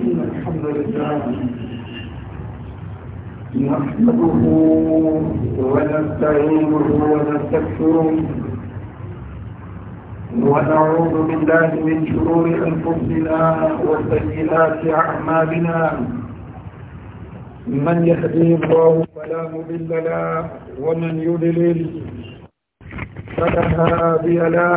إن الحمد لله نحمده ونستعينه ونستكثره ونعوذ بالله من شرور أنفسنا وسيئات أعمالنا من يهدي الله فلا مضل له ومن يضلل فلا هادي له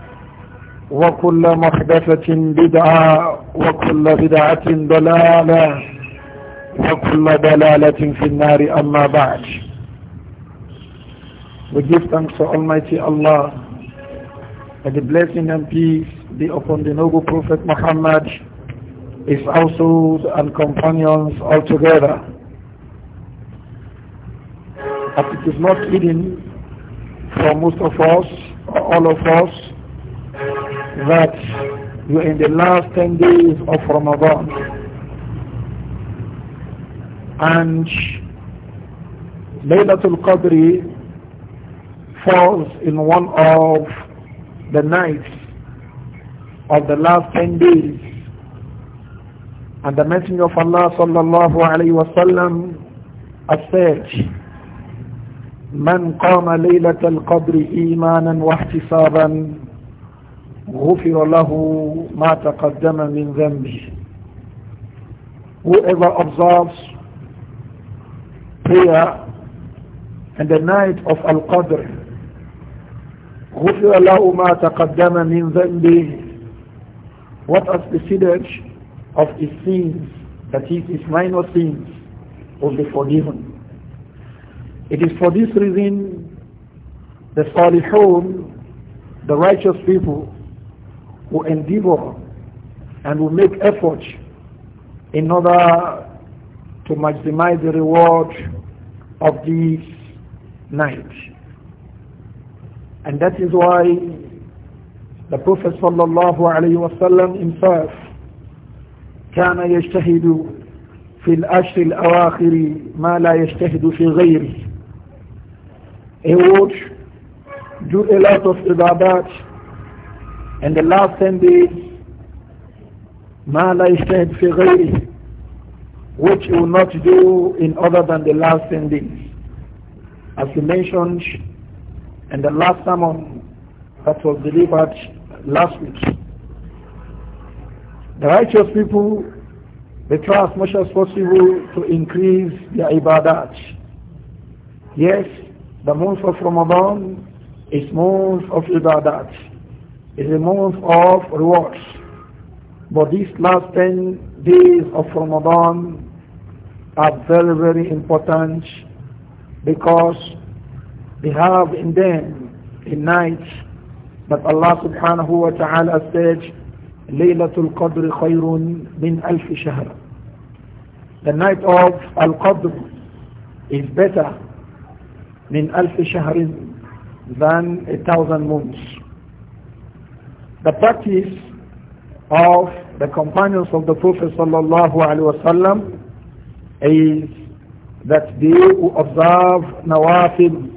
وكل محدثة بدعة وكل بدعة ضلالة وكل ضلالة في النار أما بعد We give thanks to Almighty Allah that the blessing and peace be upon the noble Prophet Muhammad his household and companions all together. As it is not hidden for most of us, or all of us, that you're in the last 10 days of Ramadan and Laylatul Qadr falls in one of the nights of the last 10 days and the Messenger of Allah sallallahu alayhi wa sallam said من قام ليلة القدر إيمانا واحتسابا غفر له ما تقدم من ذنبه whoever observes prayer and the night of Al-Qadr غفر له ما تقدم من ذنبه what has preceded of his sins that is his minor sins will be forgiven it is for this reason the salihun the righteous people will endeavor and will make effort in order to maximize the reward of this night. And that is why the Prophet sallallahu alayhi wasallam himself كان يجتهد في الأشر الأواخر ما لا يجتهد في غيره. He would do a lot of ibadat and the last 10 days, ما fi يجتهد which you will not do in other than the last endings, As we mentioned in the last sermon that was delivered last week, the righteous people, they try as much as possible to increase their ibadat. Yes, the month of Ramadan is month of ibadat is a month of rewards. But these last 10 days of Ramadan are very, very important because they have in them a night that Allah subhanahu wa ta'ala said, Laylatul Qadr khayrun min alf shahr. The night of Al-Qadr is better min alf shahrin than a thousand months the practice of the companions of the Prophet sallallahu alaihi wasallam is that they observe nawafil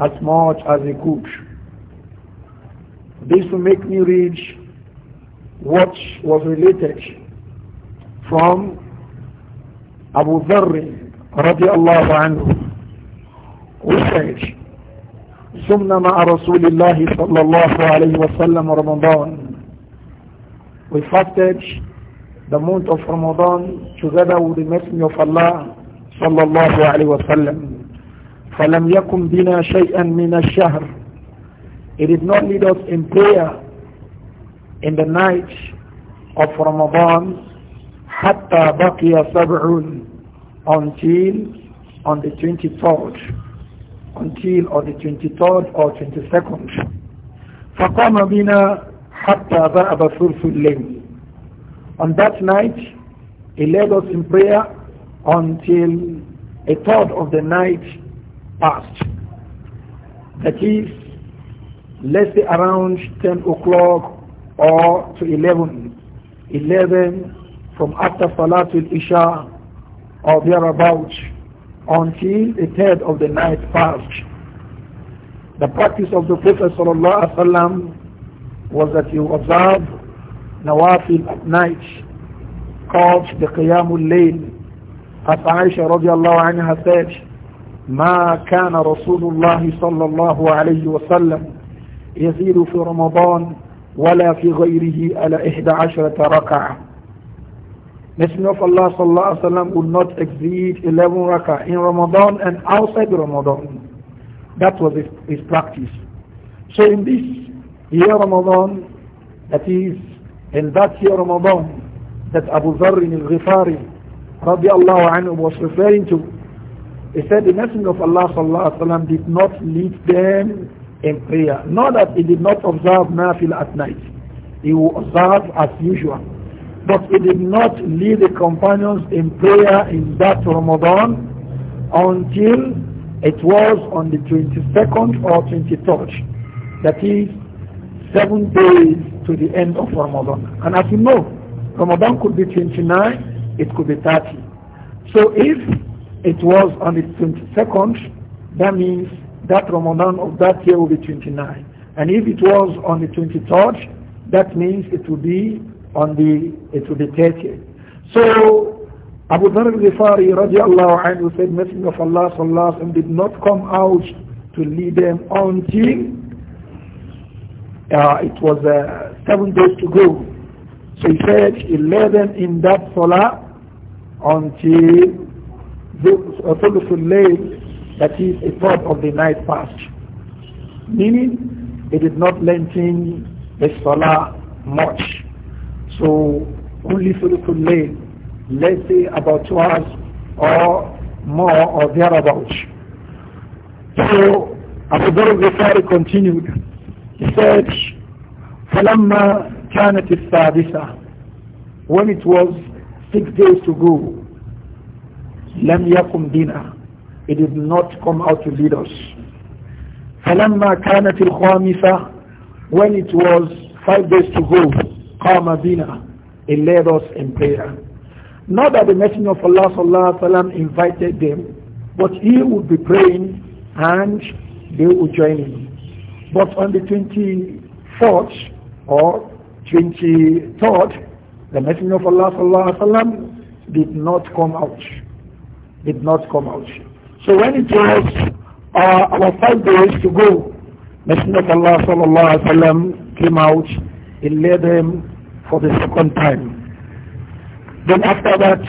as much as they could. This will make me read what was related from Abu Dharr radiallahu anhu who said صمنا مع رسول الله صلى الله عليه وسلم رمضان We fasted the month of Ramadan together with the Messenger of Allah صلى الله عليه وسلم. فلم يكن بنا شيئا من الشهر. It did not lead us in prayer in the night of Ramadan حتى بقي سبعون until on the 24th until or the 23rd or 22nd. فقام بنا حتى ذهب ثلث الليل. On that night, he led us in prayer until a third of the night passed. That is, let's say around 10 o'clock or to 11. 11 from after Salatul Isha or thereabouts until the third of the night passed. The practice of the Prophet ﷺ was that you observe nawafil at night called the Qiyamul Layl. As Aisha radiallahu anha said, ما كان رسول الله صلى الله عليه وسلم يزيد في رمضان ولا في غيره على إحدى عشرة ركعة Messenger of Allah sallallahu alaihi wasallam would not exceed 11 rakah in Ramadan and outside Ramadan. That was his, his practice. So in this year Ramadan, that is, in that year Ramadan, that Abu Dharr al-Ghifari radiallahu anhu was referring to, he said the Messenger of Allah sallallahu alaihi wasallam did not lead them in prayer. Not that he did not observe nafil at night. He would observe as usual. But he did not lead the companions in prayer in that Ramadan until it was on the 22nd or 23rd. That is seven days to the end of Ramadan. And as you know, Ramadan could be 29, it could be 30. So if it was on the 22nd, that means that Ramadan of that year will be 29. And if it was on the 23rd, that means it will be on the, it will be taken. So, Abu Dhar al-Ghifari radiallahu anhu said, Messenger of Allah sallallahu alaihi did not come out to lead them until uh, it was uh, seven days to go. So he said he led them in that salah until uh, Thuluthul Layl, that is a part of the night passed. Meaning, it did not lengthen the salah much. So only Thuluthul Layl, let's say about two hours or more or thereabouts. So Abu Dhar al-Ghifari continued. He said, فَلَمَّا كَانَتِ الثَّابِثَةِ When it was six days to go, لَمْ يَقُمْ دِينَا It did not come out to lead us. فَلَمَّا كَانَتِ الْخَامِسَةِ When it was five days to go, our Madina, he led us in prayer. Not that the Messenger of Allah sallam, invited them, but he would be praying and they would join him. But on the 24th or 23rd, the Messenger of Allah sallam, did not come out. Did not come out. So when it was uh, our five days to go, Messenger of Allah sallam, came out, he led them for the second time. Then after that,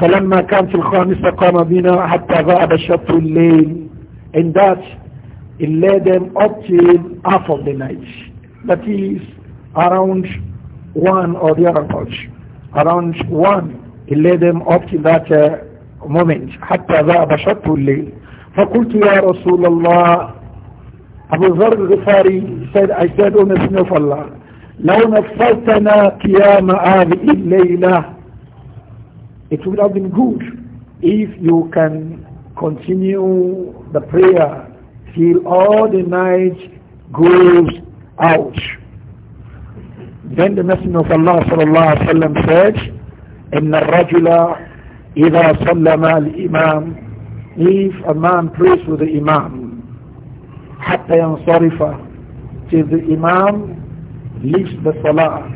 فلما كَانَتِ في الخامسة قام بنا حتى غاب شطر الليل. In that, it led them up till half of the night. That is around one or the other watch. Around one, it led them up till that uh, moment. حتى غاب شطر الليل. فقلت يا رسول الله Abu Zarr al-Ghifari said, I said, O Messenger of Allah, لو نفلتنا قيام هذه الليلة it would have been good if you can continue the prayer till all the night goes out. Then the Messenger of Allah الله عليه وسلم said, "إن الرجل إذا سلم الإمام if a man prays with the Imam حتى ينصرف till the Imam leaves the salah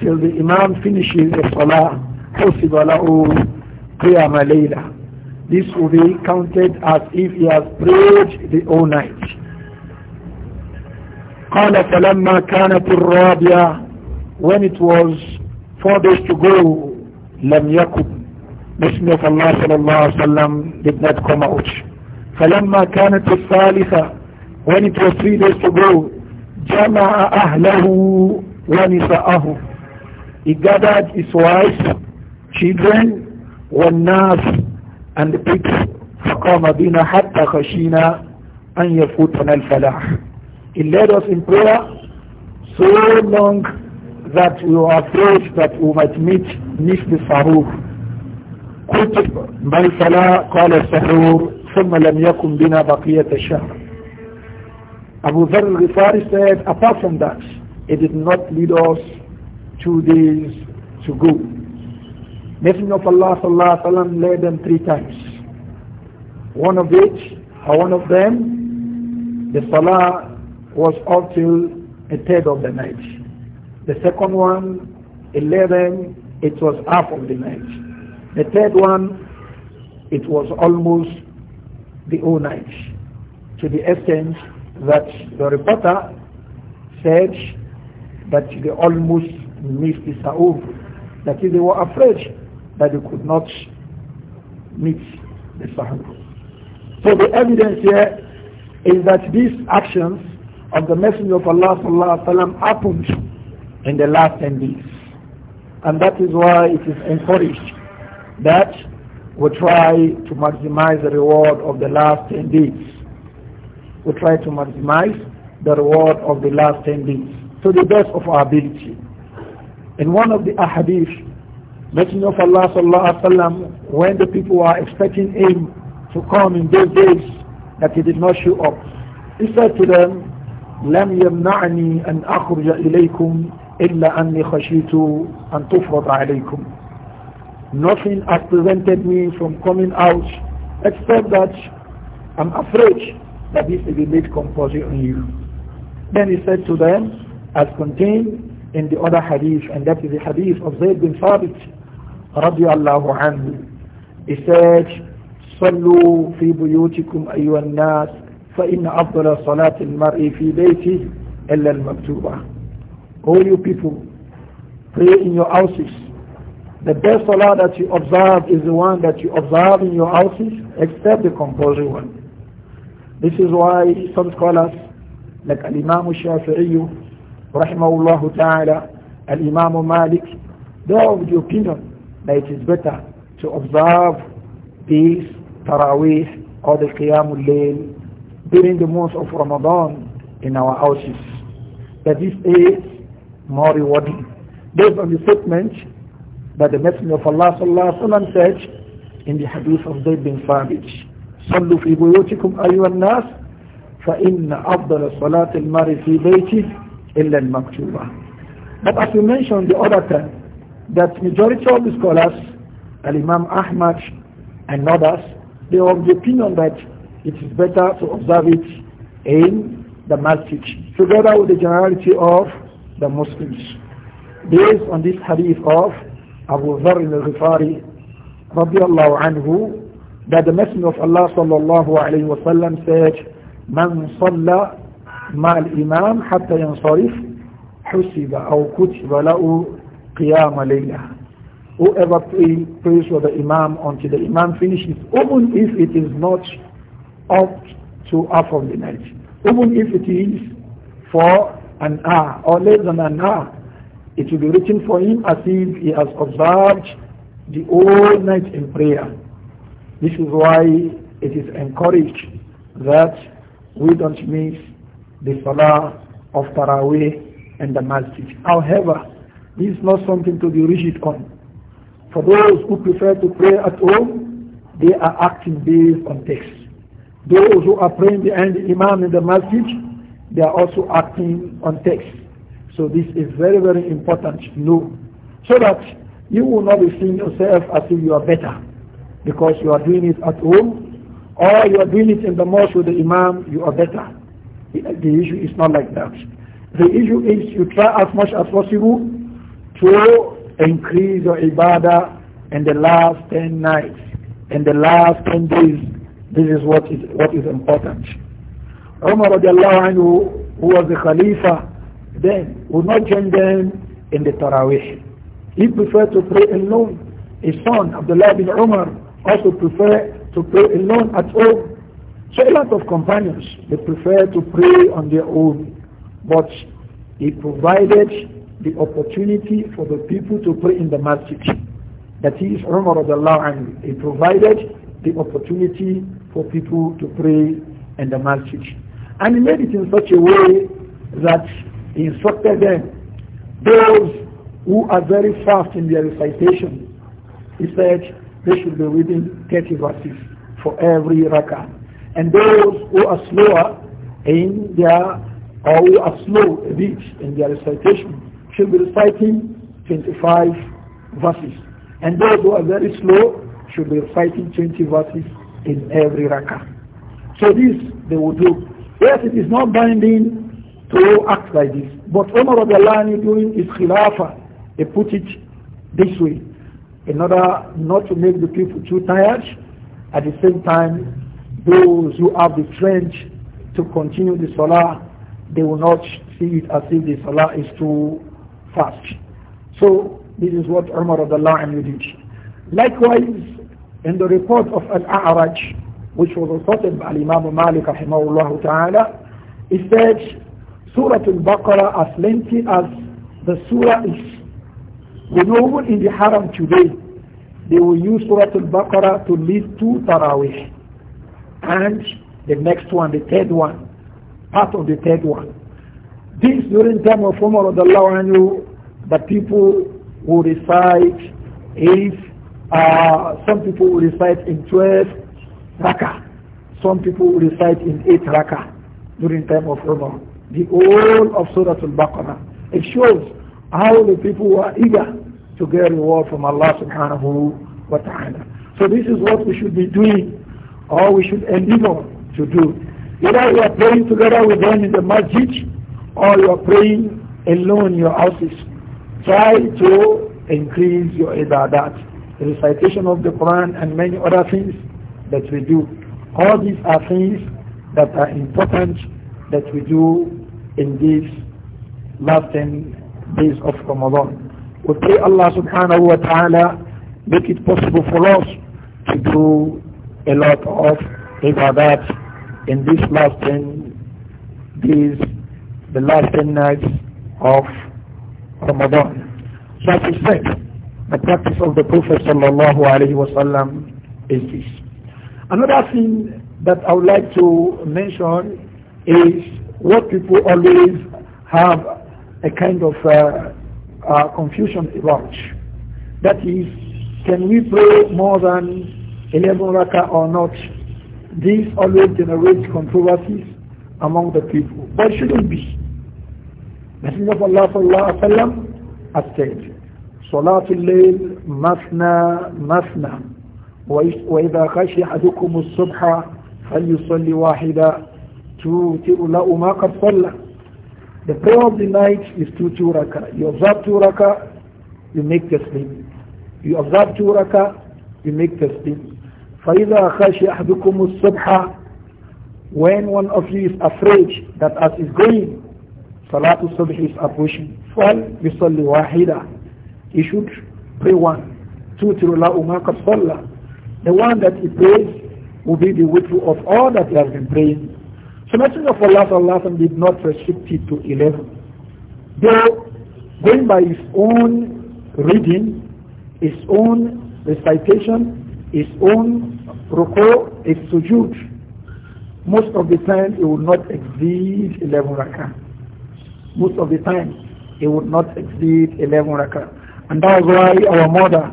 till the imam finishes the salah, حُسِبَ لَهُ قِيَامَ لَيْلَةً This will be counted as if he has prayed the whole night. قَالَ فَلَمَّا كَانَتِ الرَّابِعَةِ When it was four days to go, لَمْ يَكُبْ Messenger of Allah sallallahu alaihi wasallam did not come out. فَلَمَّا كَانَتِ الثَّالِثَةِ When it was three days to go, جمع أهله ونساءه He gathered his wife, children, والناس and the people. فقام بنا حتى خشينا أن يفوتنا الفلاح. He led us in prayer so long that we were afraid that we might meet miss the Sahur. كتب ما الفلاح قال السحور ثم لم يكن بنا بقية الشهر Abu Dhar al-Ghifari said, apart from that, it did not lead us two days to go. Messenger of Allah sallallahu salah, wasallam led them three times. One of which, or one of them, the salah was up till a third of the night. The second one, it was half of the night. The third one, it was almost the whole night. To the extent that the reporter said that they almost missed the Sa'ud, that they were afraid that they could not meet the Sa'ud. So the evidence here is that these actions of the Messenger of Allah sallallahu happened in the last 10 days. And that is why it is encouraged that we try to maximize the reward of the last 10 days we try to maximize the reward of the last 10 days to the best of our ability. In one of the ahadith, Messenger of Allah sallallahu alaihi wasallam, when the people were expecting him to come in those days that he did not show up, he said to them, لم يمنعني أن أخرج إليكم إلا أني خشيت أن تفرض عليكم. Nothing has prevented me from coming out except that I'm afraid that this will be made compulsory on you. Then he said to them, as contained in the other hadith, and that is the hadith of Zayd bin Thabit, radiallahu anhu. He said, صلوا في بيوتكم أيها الناس فإن أفضل صلاة المرء في بيته إلا المكتوبة. All you people, pray in your houses. The best salah that you observe is the one that you observe in your houses, except the compulsory one. This is why some scholars like Al-Imam Shafi'i rahimahullah ta'ala, Al-Imam Malik, they are of the opinion that it is better to observe these Taraweeh or the Qiyamul Layl during the month of Ramadan in our houses. That this is more rewarding. Based on the statement that the Messenger of Allah sallallahu alaihi wasallam said in the hadith of Zayd bin Thabit. صلوا في بيوتكم أيها الناس فإن أفضل صلاة المرء في بيته إلا المكتوبة But as we mentioned the other time, that majority of the scholars, Al-Imam Ahmad and others, they are of the opinion that it is better to observe it in the masjid, together with the generality of the Muslims. Based on this hadith of Abu Dharr al-Ghifari, الله عنه that the Messenger of Allah sallallahu alayhi wa sallam said, "Man صلى مع الإمام حتى ينصرف حسب أو كتب له قيام ليلة Whoever pray, prays for the Imam until the Imam finishes, even if it is not up to half of the night, even if it is for an hour or less than an hour, it will be written for him as if he has observed the whole night in prayer. This is why it is encouraged that we don't miss the Salah of Taraweeh and the Masjid. However, this is not something to be rigid on. For those who prefer to pray at home, they are acting based on text. Those who are praying behind the Imam in the Masjid, they are also acting on text. So this is very, very important to know. So that you will not be seeing yourself as if you are better because you are doing it at home or you are doing it in the mosque with the imam, you are better. The issue is not like that. The issue is you try as much as possible to increase your ibadah in the last 10 nights, in the last 10 days. This is what is, what is important. Umar radiallahu anhu, who was the Khalifa then, would not join them in the Taraweeh. He preferred to pray alone. His son, Abdullah bin Umar, also prefer to pray alone at home. So a lot of companions, they prefer to pray on their own. But he provided the opportunity for the people to pray in the masjid. That is Umar And He provided the opportunity for people to pray in the masjid. And he made it in such a way that he instructed them, those who are very fast in their recitation. He said, they should be reading 30 verses for every rakah. And those who are slower in their, or who are slow a bit in their recitation, should be reciting 25 verses. And those who are very slow should be reciting 20 verses in every rakah. So this they will do. Yes, it is not binding to act like this. But Umar Abdullah during his Khilafah, They put it this way in order not to make the people too tired. At the same time, those who have the strength to continue the salah, they will not see it as if the salah is too fast. So this is what Umar of the Lion did. Likewise, in the report of Al-A'raj, which was reported by Imam Malik rahimahullah ta'ala, it said, Surah Al-Baqarah as lengthy as the surah is. We know in the haram today, they will use Surah Al-Baqarah to lead two Taraweeh. And the next one, the third one, part of the third one. This during time of Umar anhu, the people will recite if uh, some people will recite in 12 rakah, some people will recite in 8 rakah during time of Umar. The whole of Surah Al-Baqarah. It shows how the people were eager to get reward from Allah subhanahu wa ta'ala. So this is what we should be doing or we should endeavor to do. Either you are praying together with them in the masjid or you are praying alone in your houses. Try to increase your ibadat, the recitation of the Quran and many other things that we do. All these are things that are important that we do in these last 10 days of Ramadan. We pray Allah subhanahu wa ta'ala make it possible for us to do a lot of ibadat in these last 10 days, the last 10 nights of Ramadan. as I said, the practice of the Prophet sallallahu alaihi wasallam is this. Another thing that I would like to mention is what people always have a kind of uh, uh, confusion emerge. That is, can we pray more than 11 rakah or not? This always generates controversies among the people. But it shouldn't be. Messenger of Allah sallallahu wa sallam has said, صلاة الليل مثنى مثنى وإذا خشي أحدكم الصبح فليصلي واحدا توتر له ما قد صلى the prayer of the night is two two raka. You observe two raka, you make the You observe two raka, you make the sleep. فَإِذَا خَشِيَ أَحْدُكُمُ الصُّبْحَ When one of you is afraid that as is going, salatu Subh is approaching, فَلْيُصَلِّ وَاحِدًا He should pray one. la لَهُ مَا The one that he prays will be the witness of all that he has been praying. So Messenger of Allah Allah, did not restrict it to 11. Though going by his own reading, his own recitation, his own ruku, his sujood, most of the time it will not exceed 11 rakah. Most of the time it will not exceed 11 rakah. And that is why our mother,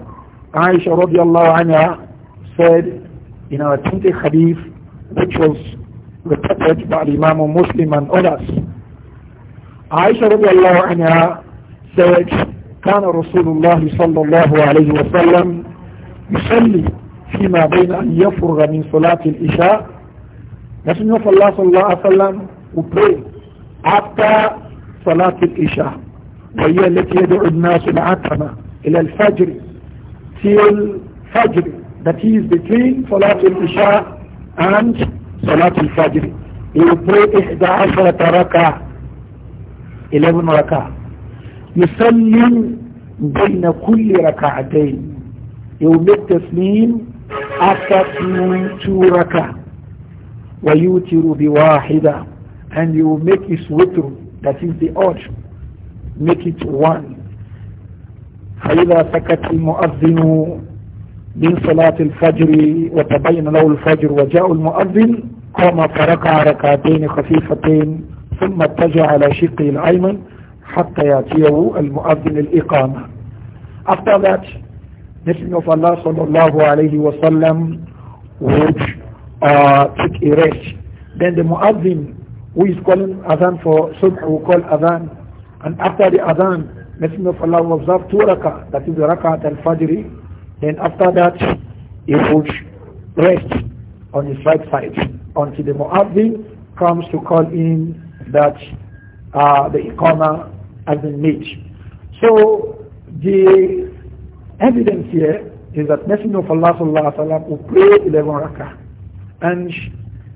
Aisha radiallahu anha, said in our 20th hadith, which was reported by Imam Muslim and others. Aisha رضي الله عنها said, كان رسول الله صلى الله عليه وسلم يصلي فيما بين أن يفرغ من صلاة الإشاء Messenger of Allah صلى الله عليه وسلم would pray after صلاة الإشاء وهي التي يدعو الناس العتمة إلى الفجر till فجر that is between صلاة الإشاء and صلاة الفجر you إحدى عشرة ركعة 11 ركعة يسلم بين كل ركعتين يوم التسليم أكثر من two, ركعة ويوتر بواحدة and you make his witr that is the odd make it one فإذا سكت المؤذن من صلاة الفجر وتبين له الفجر وجاء المؤذن قام فركع ركعتين خفيفتين ثم اتجه على شقه الأيمن حتى يأتيه المؤذن الإقامة After that, Messenger of Allah صلى الله عليه وسلم would uh, take a rest. Then the muazzin who is calling adhan for subh will call adhan. And after the adhan, Messenger of Allah will observe two rak'ah, that is the rak'ah al-fajr. Then after that, he would rest on his right side. until the Mu'adhin comes to call in that uh, the Iqamah has been made. So the evidence here is that Messenger of Allah sallallahu alaihi wasallam will pray 11 rakah and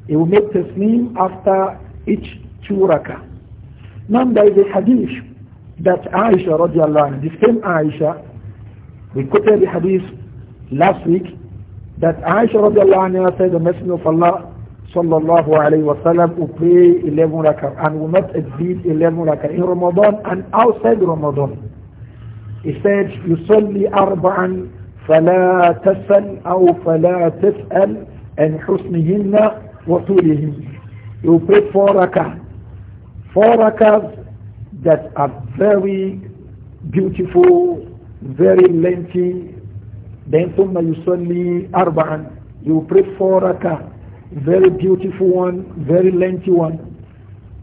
he will make taslim after each two rakah. Now there is a hadith that Aisha radiallahu anha, the same Aisha, we quoted the hadith last week that Aisha radiallahu anha said the Messenger of Allah sallallahu alayhi wa sallam who pray 11 rakah and will not exceed 11 rakah in Ramadan and outside Ramadan. He said, يصلي أربعا فلا تسل أو فلا تسأل عن حسنهن وطولهن. You pray four rakah. Four rakahs that are very beautiful, very lengthy. Then ثم يصلي أربعا. You pray four rakah very beautiful one, very lengthy one.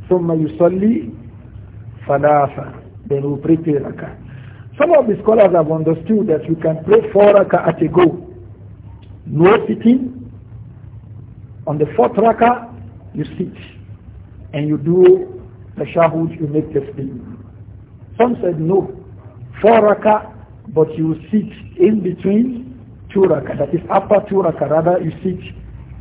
ثم يصلي ثلاثة then you pray three rakah. Some of the scholars have understood that you can pray four rakah at a go. No sitting. On the fourth rakah, you sit and you do the shahud, you make the spin. Some said no, four rakah, but you sit in between two rakah. That is after two rakah, rather you sit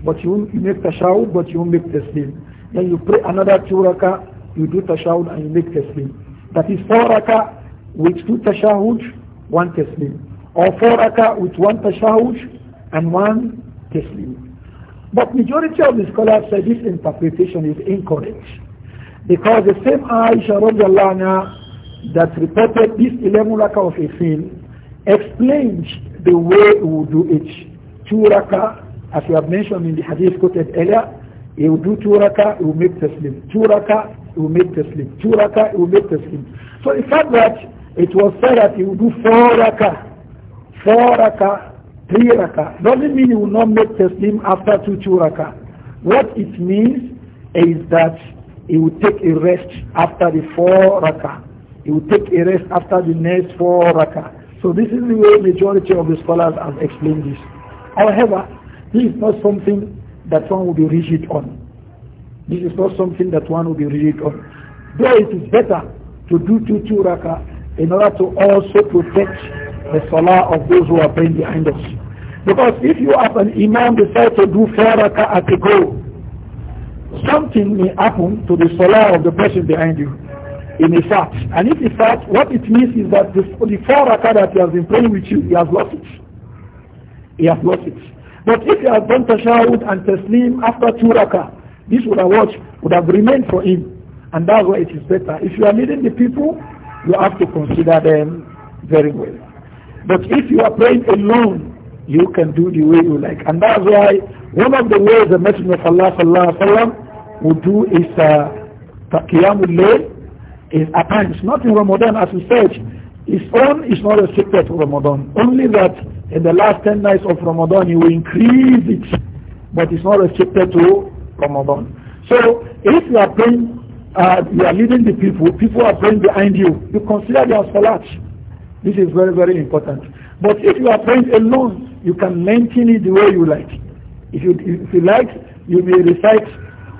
but you won't make tashahud, but you won't make taslim. Then you pray another two raka, you do tashahud and you make taslim. That is four raka with two tashahud, one taslim. Or four raka with one tashahud and one taslim. But majority of the scholars say this interpretation is incorrect. Because the same Aisha that reported this 11 raka of a film explains the way we do it. Two raka as we have mentioned in the hadith quoted earlier, he will do two rakah, he will make taslim. Two rakah, he will make taslim. Two rakah, he will make taslim. So the fact that it was said that he will do four rakah, four rakah, three rakah, doesn't mean he will not make taslim after two two rakah. What it means is that he will take a rest after the four rakah. He will take a rest after the next four rakah. So this is the way majority of the scholars have explained this. However, this is not something that one will be rigid on. This is not something that one will be rigid on. Though it is better to do two two raka in order to also protect the salah of those who are praying behind us. Because if you have an imam decide to do four raka at a go, something may happen to the salah of the person behind you in a fact. And if in fact, what it means is that the, the four raka that he has been praying with you, he has lost it. He has lost it. But if he had done tashahud and taslim after two rakah, this would have watched, would have remained for him. And that's why it is better. If you are leading the people, you have to consider them very well. But if you are praying alone, you can do the way you like. And that's why one of the ways the Messenger of Allah sallallahu alayhi wa would do is taqiyamul uh, layl is at times, not in Ramadan as we said. His own is not restricted to Ramadan. Only that in the last 10 nights of Ramadan, you will increase it. But it's not restricted to Ramadan. So if you are praying, uh, you are leading the people, people are praying behind you, you consider their salat. This is very, very important. But if you are praying alone, you can maintain it the way you like. If you, if you like, you may recite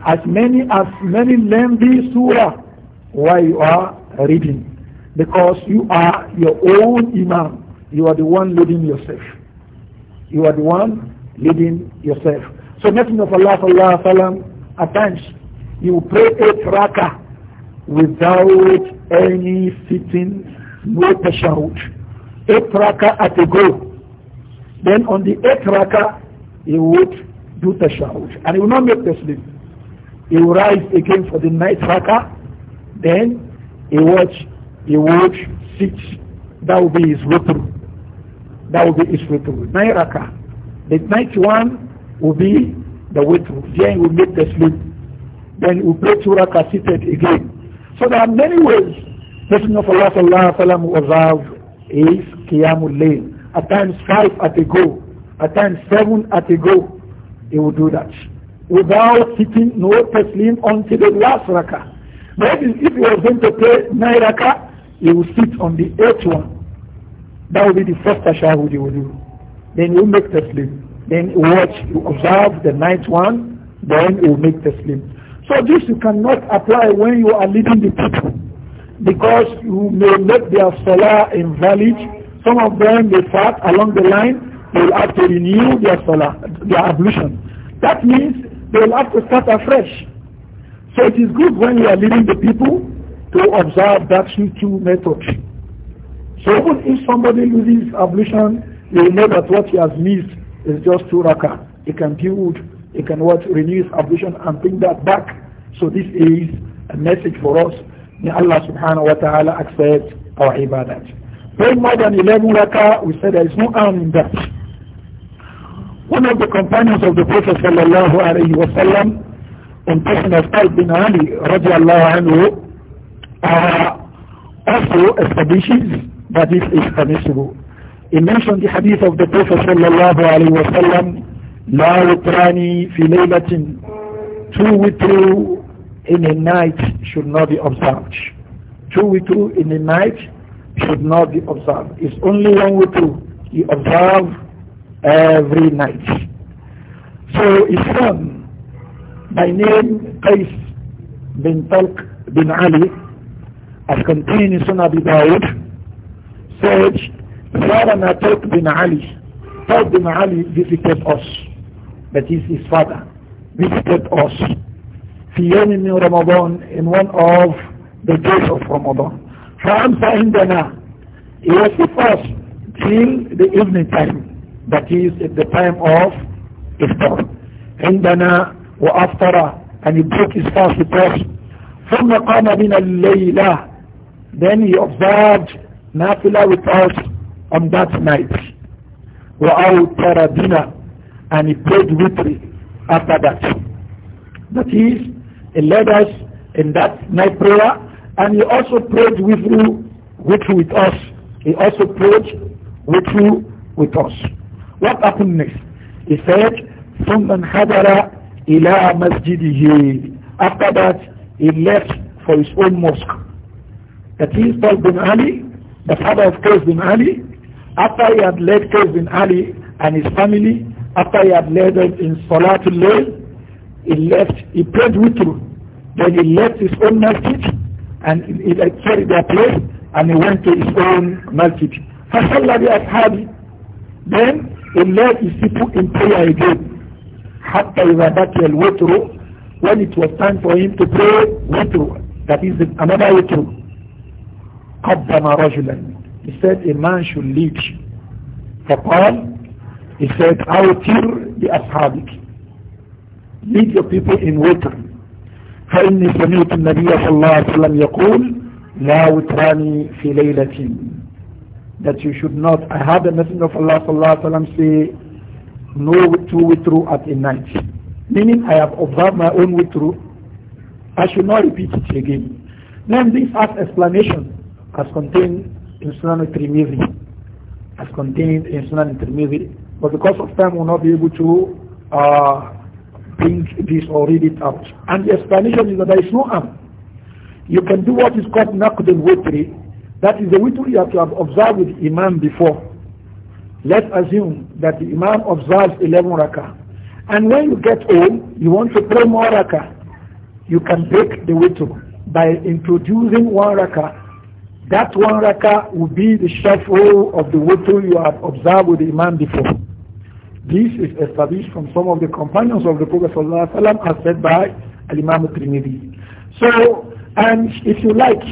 as many as many lengthy surah while you are reading. Because you are your own imam you are the one leading yourself. You are the one leading yourself. So nothing of Allah Allah, sallam, at times you pray eight rakah without any sitting, no tashahud. Eight rakah at a go. Then on the eighth rakah he would do tashahud. And he will not make the sleep. He will rise again for the ninth rakah. Then he watch, he would sit. That will be his witr that will be his witr. Nine The ninth one will be the way to. Then we make the sleep. Then we pray two raka seated again. So there are many ways Messenger of Allah sallallahu alaihi wasallam is qiyamul layl. At times five at a go. At times seven at a go. He will do that. Without sitting, no taslim until the last raka. But if he was going to pray nine raka, he will sit on the eighth one. That will be the first tashahud you will do. Then you make the sleep. Then you watch, you observe the ninth one, then you make the sleep. So this you cannot apply when you are leading the people because you may make their salah invalid. Some of them may fast along the line, they will have to renew their salah, their ablution. That means they will have to start afresh. So it is good when you are leading the people to observe that two method. So even if somebody loses ablution, he will know that what he has missed is just two raka. He can build, he can what, renew his ablution and bring that back. So this is a message for us. May Allah subhanahu wa ta'ala accept our ibadat. Praying more than 11 raka, we say there is no harm in that. One of the companions of the Prophet sallallahu alayhi wa sallam, in person of Al bin Ali radiallahu anhu, uh, also establishes that is permissible. He mentioned the hadith of the Prophet sallallahu alayhi wa sallam, La utrani fi laylatin, two in a night should not be observed. Two two in a night should not be observed. It's only one two you observe every night. So his son, by name Qais bin Talq bin Ali, as contained in Sunnah Abi said, Farana Tawq bin Ali, Tawq bin Ali visited us. That is his father, visited us. He يوم من Ramadan, in one of the days of Ramadan. فأمسى عندنا, he was with us till the evening time, that is at the time of iftar. عندنا وأفطر, and he broke his fast with us. ثم قام بنا الليلة, then he observed nafila with us on that night. a تَرَبِنَا And he prayed witri after that. That is, he led us in that night prayer and he also prayed with you, with us. He also prayed with you with us. What happened next? He said, ثُمَّ انْحَدَرَ إِلَى مَسْجِدِهِ After that, he left for his own mosque. That is, Paul bin Ali the father of Qais Ali, after he had led Qais Ali and his family, after he had led them in Salatul Layl, he left, he prayed witru. Then he left his own masjid and he carried their place and he went to his own masjid. فَصَلَّى بِأَصْحَابِ Then he led his people in prayer again. حَتَّى إِذَا بَكِيَ When it was time for him to pray witru, that is another witru qaddama rajulan. He said a man should lead. فقال he said أوتر بأصحابك. Lead your people in witr. فإني سمعت النبي صلى الله عليه وسلم يقول لا وتراني في ليلة that you should not I heard the Messenger of Allah صلى الله عليه وسلم say no two witru at a night meaning I have observed my own witru I should not repeat it again then this has explanation as contained in Sunan Tirmidhi, as contained in Sunan Tirmidhi. But because of time, we'll not be able to uh, bring this or read it out. And the explanation is that there is no harm. You can do what is called naqd al-witri. That is the witri you have to have observed with imam before. Let's assume that the imam observes 11 rakah. And when you get home, you want to pray more rakah. You can break the witr by introducing one rakah that one rakah will be the shafu of the witr you have observed with the imam before. This is established from some of the companions of the Prophet sallallahu as said by Al-Imam Trinity. So, and if you like,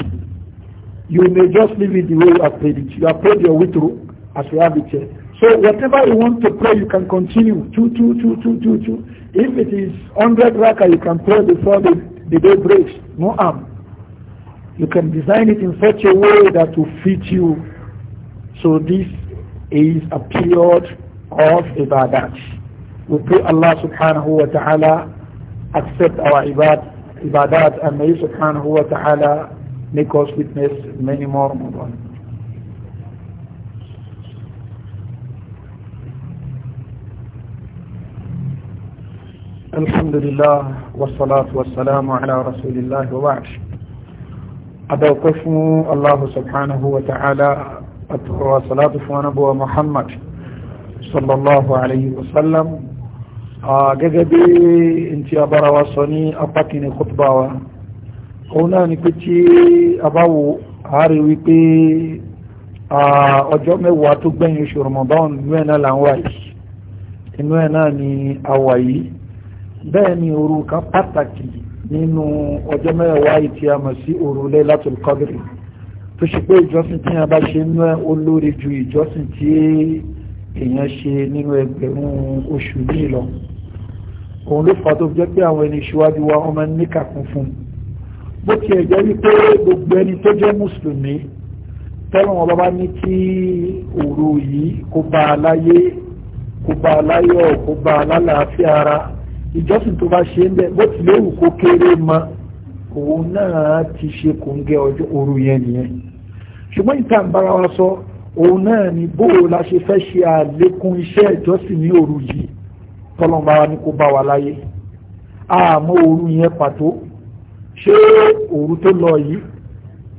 you may just leave it the way you have prayed it. You have prayed your witr as we have it here. So whatever you want to pray, you can continue. Two, two, two, two, two, two. If it is 100 rakah, you can pray before the, the day breaks. No harm. You can design it in such a way that will fit you. So this is a period of ibadat. We pray Allah subhanahu wa ta'ala accept our ibad, ibadat and may subhanahu wa ta'ala make us witness many more Ramadan. الحمد لله والصلاة والسلام على رسول الله وبعد adọ́kọ́ fún Allahu subhanahu wa ta'ala àtọ̀rọ̀ salatu fún anábọ̀ Muhammad sallallahu alayhi wa sallam gẹ́gẹ́ bí in ti abara wa sọ ní apákinni khutba wa òun náà ni pé tí a bá wo ààrẹ wípé ọjọ́ mẹ́wàá tó gbẹ̀yìn oṣù Ramadan inú ẹ̀ náà là ń wà ni àwà yìí bẹ́ẹ̀ ni òru nínú ọjọ́ mẹ́wàá yìí tí a mọ̀ sí òru Laylatul Qadr tó ṣe pé ìjọsìn tí a bá ṣe nú ẹ olórí ju ìjọsìn tí èèyàn ṣe nínú ẹgbẹ̀rún oṣù yìí lọ òun ló fà tó jẹ́ pé àwọn ẹni ìṣíwájú wa wọ́n máa ń níkàkún fún un bó tiẹ̀ jẹ́ wípé gbogbo ẹni tó jẹ́ mùsùlùmí tẹ́lọ̀ wọn bá ní kí òru yìí kó bá a láyé kó bá a láyọ̀ kó bá a lálàáfíà ara ìjọsìn tó bá ṣe ń bẹ bó ti léwu kó kéré mọ òun náà ti ṣe kòńgẹ́ ọjọ́ òru yẹn nìyẹn ṣùgbọ́n ìta ń bára wa sọ òun náà ni bóò la ṣe fẹ́ ṣe àlékún iṣẹ́ ìjọsìn ní òru yìí tọ́lọ́mbà wa ni kó bá wa láyé àmọ́ òru yẹn pàtó ṣé òru tó lọ yìí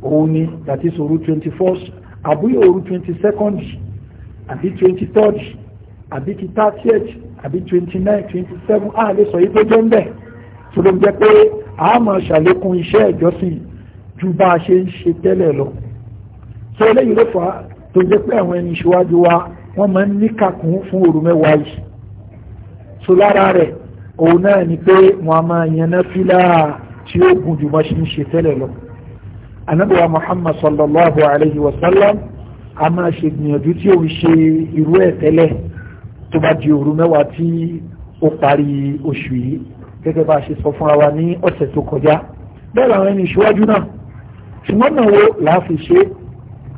òun ni that is òru twenty first àbúyọ̀ òru twenty second àbí twenty third àbí ti thirtieth àbí twenty nine twenty seven a lè sọ yìí tó jẹ́ ń bẹ̀ tó ló ń jẹ́ pé a máa ṣàlékún iṣẹ́ ìjọsìn ju bá a ṣe ń ṣe tẹ́lẹ̀ lọ sọ eléyìí ló fà á tó jẹ́ pé àwọn ẹni ìṣíwájú wa wọ́n máa ń níkàkún fún òru mẹ́wàá yìí so lára rẹ̀ òun náà ni pé wọ́n a máa yànnà fílà tí ó gùn jù bá ṣe ń ṣe tẹ́lẹ̀ lọ ànábì muhammad sallallahu alayhi wa sallam a máa ṣe gbìyànjú tí ó ṣe irú ẹ̀ tẹ́lẹ̀ tó bá di òru mẹ́wàá tí ó parí oṣù yìí gẹ́gẹ́ bá a ṣe sọ fúnra wa ní ọ̀sẹ̀ tó kọjá bẹ́ẹ̀ làwọn ẹni ìṣíwájú náà ṣùgbọ́n náà wo làá fi ṣe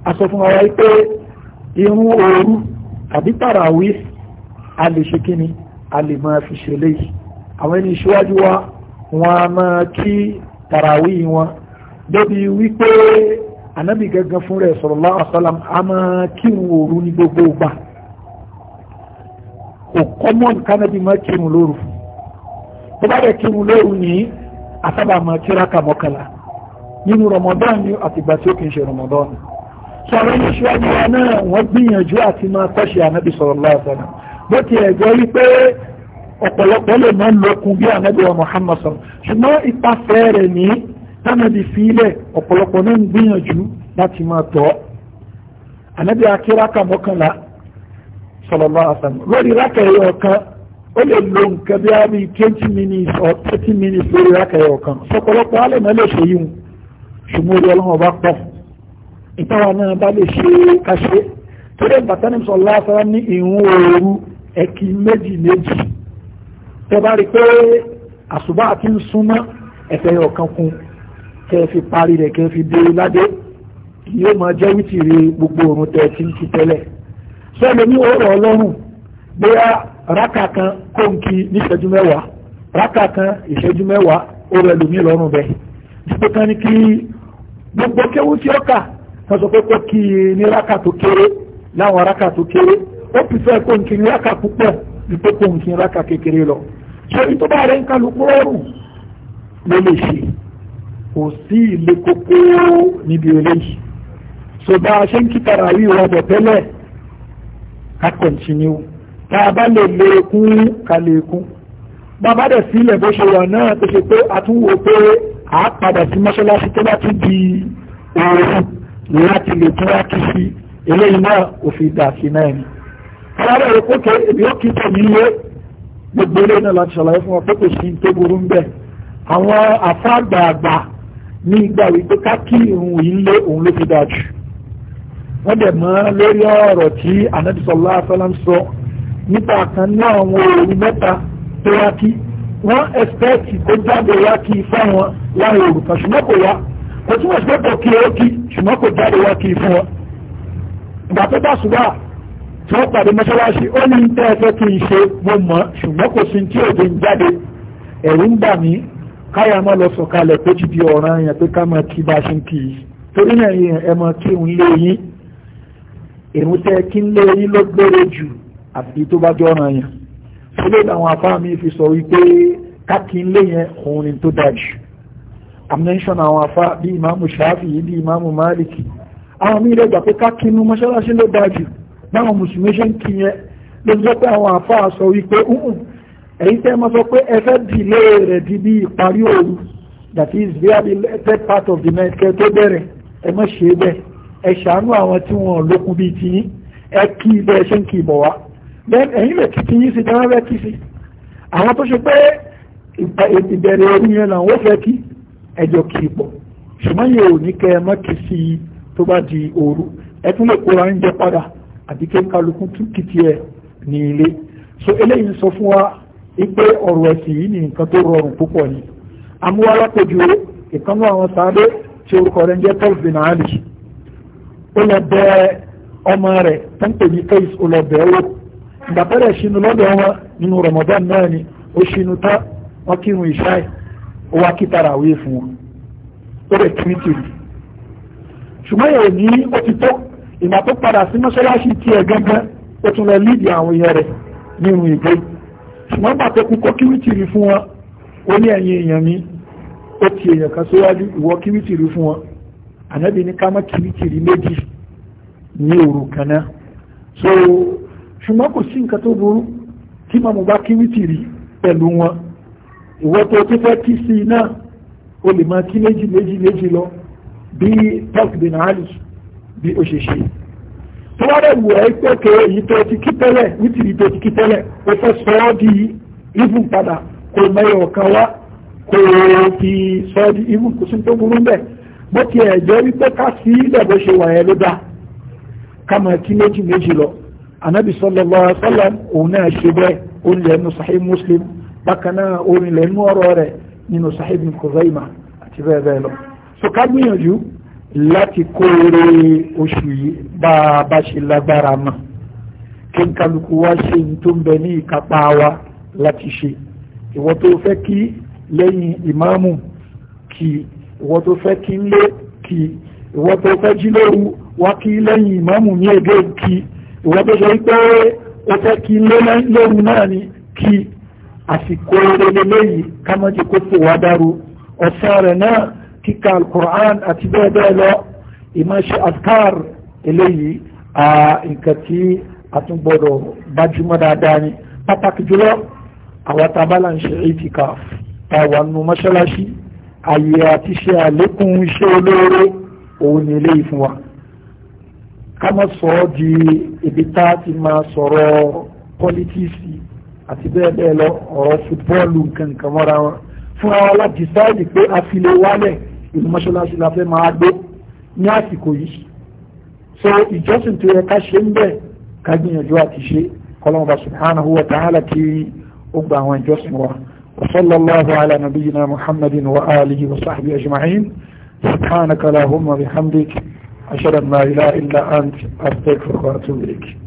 a sọ fúnra wa pé irun òru àbí tàràwí a lè ṣe kíni a lè máa fi ṣe léyìí àwọn ẹni ìṣíwájú wa wọn a máa kí tàràwí wọn débi wípé ànábì gangan fún rẹ̀ sallallahu alaihi wasallam a máa kírun òru ní gbogbo ìgbà kò kọ́mọ́n kánábì máa kírun lóru tó bá dẹ̀ kírun lóru ní asábà máa kíráka nínú Ramadan ní àtìgbà tí ó kì ṣe Ramadan sọ̀rọ̀ yìí ṣíwájú wa náà wọ́n gbìyànjú àti máa kọ́ṣe ànábì sallallahu alaihi wasallam bó ti ẹ̀jọ́ wípé ọ̀pọ̀lọpọ̀ lè máa ń bí ànábì wa Muhammad sọ̀rọ̀ ṣùgbọ́n ìpàfẹ́ rẹ̀ ní tánàbì fílẹ̀ ọ̀pọ̀lọpọ̀ náà ń gbìyànjú láti máa tọ́ ànábì akíraka mọ́kànlá sọlọ́lá àtàlù lórí rákẹ̀yẹ ọ̀kan ó lè lo nǹkan bí i twenty minutes or thirty minutes lórí rákẹ̀yẹ ọ̀kan sọpọlọpọ alẹ́ náà lè ṣe yí wọn ṣùgbọ́n orí ọlọ́run ọba pọ̀ ìtawà náà bá lè ṣe kaṣe torí ìbàtà ní sọlọ́lá àtàlù ní ìhun òru ẹ̀kí méjì méjì tẹ bá rí pé àṣùbà àti ń súnmọ́ ẹ̀fẹ̀ ọ̀kan kún kẹ́ fi parí rẹ̀ kẹ́ fi dé ládé yóò máa jẹ́ wítìrí gbogbo òrùn tẹ̀ tí ń ti tẹ́lẹ̀ sẹ́lẹ̀ ní ọ̀rọ̀ ọlọ́run bóyá rákà kan kóńkì ní ìṣẹ́jú mẹ́wàá rákà kan ìṣẹ́jú mẹ́wàá ó rẹ̀ lómi lọ́rùn bẹ́ẹ̀ dípò kan ní kí gbogbo kéwú tí ó kà kan sọ pé kó kí i ní rákà tó kéré láwọn rákà tó kéré ó pìfẹ́ kóńkì ní rákà púpọ̀ dípò kóńkì ní rákà kékeré lọ ṣé ní tó bá rẹ̀ ń kálukú rọrùn ló lè ṣe kò sí ilé kókó níbi eléyìí so a ṣe ń kí ká kọ̀ntínú tá a bá lè lékún ká lékún bàbá dẹ̀ sílẹ̀ bó ṣe wà náà tó ṣe pé a tún wò pé a padà sí mọ́ṣáláṣí tó bá tún di ooru láti lè tún wá kí sí eléyìí náà òfin dà sí náà ni. alábẹ̀ rẹ̀ kókè èmi ó kí tẹ̀mí ilé gbogbo ilé náà láti ṣàlàyé fún wa pé kò sí tó burú ń bẹ̀. àwọn àfáàgbààgbà ní ìgbà wípé ká kí ìrùn yìí lé òun ló fi dáa jù wọ́n dẹ̀ mọ́ lórí ọ̀rọ̀ tí Ànábì sallallahu alaihi wasallam sọ nípa kan ní àwọn òru mẹ́ta tó wá kí wọ́n ẹ̀spẹ́ẹ̀tì kó jáde wá kí fún wọn láwọn òru kan ṣùgbọ́n kò wá kò túmọ̀ sí pẹ́pọ̀ kí ó kí ṣùgbọ́n kò jáde wá kí fún wọn. ìgbà tó bá ṣùgbà tí wọ́n pàdé mọ́ṣáláṣí ó ní tẹ́ ẹ fẹ́ kí n ṣe mo mọ̀ ṣùgbọ́n kò sí tí òde ń jáde ẹ̀rù ń bà mí káyà má lọ sọ̀kalẹ̀ pé ti di ọ̀ràn yẹn pé ká máa kí bá ṣe ń kì í torí náà ẹ máa kí òun lé yín irun tẹ́ kí ń lé yín ló gbére jù àfi tó bá jọ ọ̀ràn yẹn sílé làwọn afáà mi fi sọ wípé káàkiri ń lé yẹn òun ni tó dáa jù amnation àwọn afáà bí ìmáàmù ṣáfì yìí bí ìmáàmù máàlìkì àwọn mi rẹ̀ gbà pé káàkiri inú mọ́ṣáláṣí ló dáa jù báwọn mùsùlùmí ṣe ń kí yẹn ló ń sọ pé àwọn afáà sọ wípé èyí tẹ́ mọ́ sọ pé ẹ dìlé rẹ̀ di bí ìparí òru that is very third part of the night kẹ́ tó bẹ̀rẹ̀ ẹ mọ́ ṣe bẹ́ẹ̀ ẹ ṣàánú àwọn tí wọ́n lókun bíi tiyín ẹ kí ibẹ̀ ṣe ń kí ibọ̀ wá ẹ̀yìn lè kí tiyín sí dáná rẹ̀ kí sí àwọn tó ṣe pé ìbẹ̀rẹ̀ orí yẹn làwọn ó fẹ́ kí ẹjọ́ kí ipọ̀ ṣùgbọ́n yóò ní kẹ́ ẹ má kí sí i tó bá di òru ẹ tún lè kóra ń jẹ padà àbí kí kálukú tún kì tiẹ̀ ní ilé so eléyìí ń sọ fún wa ipe ọ̀rọ̀ ẹ̀sìn yìí ní nǹkan tó rọrùn púpọ̀ ni amúwálápẹ̀jù ìkànnì àwọn sáré tí orúkọ rẹ̀ ń jẹ́ tọ́lù bìnnà ó lọ bẹ ọmọ rẹ̀ tó ń pè ní kais ó lọ bẹ̀ owó ìgbà ṣínú lọ́dọ̀ wọn nínú Ramadan náà ni ó ṣínú tá wọ́n kírun ìṣáì ó wá kí tarawih fún wọn ó rẹ̀ tìrìtì ṣùgbọ́n yẹ̀ ní ó ti tó ìgbà tó padà sí mọ́ṣáláṣí tiẹ̀ gángan ó tún lọ lídìí àwọn èèyàn rẹ̀ nínú ìgbé ṣùgbọ́n bàtẹ́ kúkọ́ kíwítìrí fún wọn ó ní ẹ̀yìn èèyàn mi ó ti èèyàn kan síwájú ìwọ kíwítìrí fún wọn ànábì ní ká má kirikiri méjì ní òru so ṣùgbọ́n kò sí nǹkan tó burú tí màmú bá kirikiri pẹ̀lú wọn ìwọ́ tó tó fẹ́ kí sí náà o lè máa kí méjì méjì méjì lọ bí tọ́kìdì náà lè bí ó ṣe ṣe tó wá rẹ̀ wù ẹ́ pé kẹ́ èyí tó ti kí tẹ́lẹ̀ wítìrì tó ti kí tẹ́lẹ̀ ó fẹ́ sọ ọ́ di ìfún padà kò mẹ́yọ̀ kan wá kò fi sọ ọ́ di ìfún kò sí tó burú bẹ́ẹ̀ bó ti ẹ̀ jẹ́ wípé ká sí ilẹ̀ bó ṣe wà yẹn ló dá ká máa kí méjì méjì lọ anabi sallallahu alaihi wasallam òun náà ṣe bẹ́ẹ̀ òun lè nu sahih muslim bákan náà òun lè nu ọ̀rọ̀ rẹ̀ nínú sahih bin kuzaima àti bẹ́ẹ̀ bẹ́ẹ̀ lọ so ká gbìyànjú láti kóore oṣù yìí bá a bá ṣe lágbára mọ́ kí n kálukú wá ṣe ní tó ń bẹ ní ìkápá wa láti ṣe ìwọ tó fẹ́ kí lẹ́yìn ìmáàmù kí ìwọ tó fẹ́ kí lé kí ìwọ tó fẹ́ jí lóru wá kí lẹ́yìn ìmáàmù ní èdè kí ìwọ tó ṣe wípé ó fẹ́ kí lé lóru náà ni kí àsìkò eré lẹ́yìn ká má jẹ́ kó fò wá dáró ọ̀sán rẹ̀ náà kíkà alukur'an àti bẹ́ẹ̀ bẹ́ẹ̀ lọ ìmáṣe azkar eléyìí nǹkan tí a tún gbọ́dọ̀ bájúmọ́ dáadáa ni pàtàkì jùlọ àwọn tábàlà ń ṣe ètìkà táwọn nù mọ́ṣáláṣí àyè àti ṣe àlékún iṣẹ́ olóore òun ni eléyìí fún wa ká má sọ ọ́ di ibi tá a ti máa sọ̀rọ̀ pọ́lítíìsì àti bẹ́ẹ̀ bẹ́ẹ̀ lọ ọ̀rọ̀ fútbọ́ọ̀lù nǹkan nǹkan mọ́ra wọn fúnra wa láti sáàlì pé a fi lè wálẹ̀ ìlú mọ́ṣáláṣí la fẹ́ máa gbé ní àsìkò yìí so ìjọsìn tó yẹ ká ṣe ń bẹ̀ ká gbìyànjú àti ṣe kọ́lọ́mọba subhanahu wa ta'ala kí ó gba àwọn ìjọsìn wa. وصلى الله على نبينا محمد وآله وصحبه أجمعين سبحانك اللهم وبحمدك أشهد أن لا إله إلا أنت أستغفرك وأتوب إليك